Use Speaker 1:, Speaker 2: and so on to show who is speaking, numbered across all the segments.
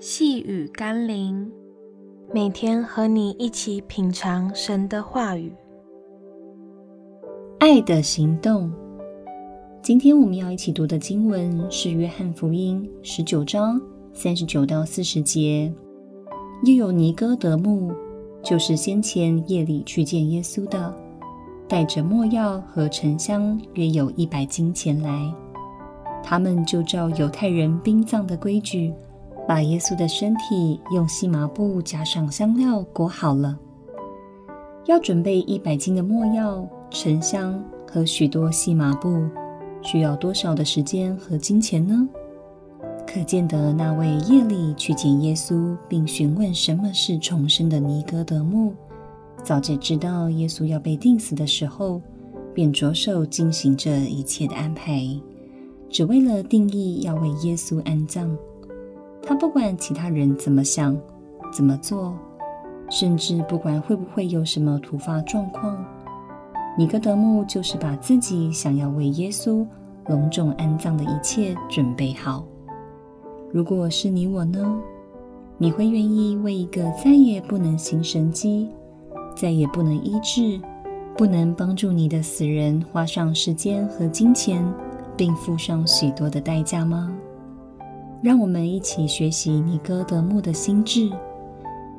Speaker 1: 細語甘霖，每天和你一起品嘗神的話語，愛的行動。今天我們要一起讀的經文是《約翰福音》十九章三十九到四十節。又有尼哥德慕，就是先前夜裡去見耶穌的，帶着沒藥和沉香約有一百斤前來。他們就照猶太人殯葬的規矩，把耶穌的身體用細麻布加上香料裹好了。要準備一百斤的末藥、沉香和許多細麻布，需要多少的時間和金錢呢？可見得那位夜裡去見耶穌，並詢問什麼是重生的尼哥德慕，早就知道耶穌要被釘死的時候，便着手進行這一切的安排，只為了定意要為耶穌安葬。他不管其他人怎麼想、怎麼做，甚至不管會不會有什麼突發狀況，尼哥德慕就是把自己想要為耶穌隆重安葬的一切準備好。如果是你我呢？你會願意為一個再也不能行神蹟、再也不能醫治、不能幫助你的死人花上時間和金錢，並付上許多的代價嗎？讓我們一起學習尼哥德慕的心志，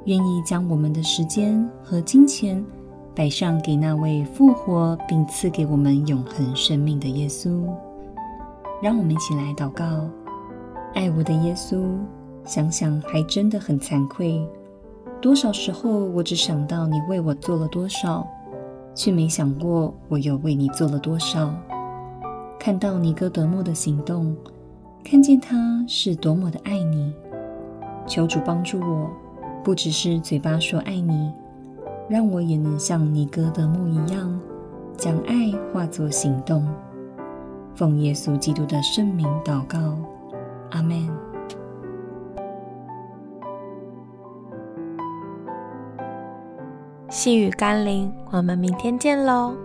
Speaker 1: 願意將我們的時間和金錢擺上給那位復活並賜給我們永恆生命的耶穌。讓我們一起來禱告：愛我的耶穌，想想還真的很慚愧。多少時候，我只想到祢為我做了多少，卻沒想過我又為祢做了多少。看到尼哥德慕的行動。看見他是多麼的愛你，求主幫助我，不只是嘴巴說愛你，讓我也能像尼哥德慕一樣，將愛化作行動。奉耶穌基督的聖名禱告，阿們。細語甘霖，我們明天見嘍。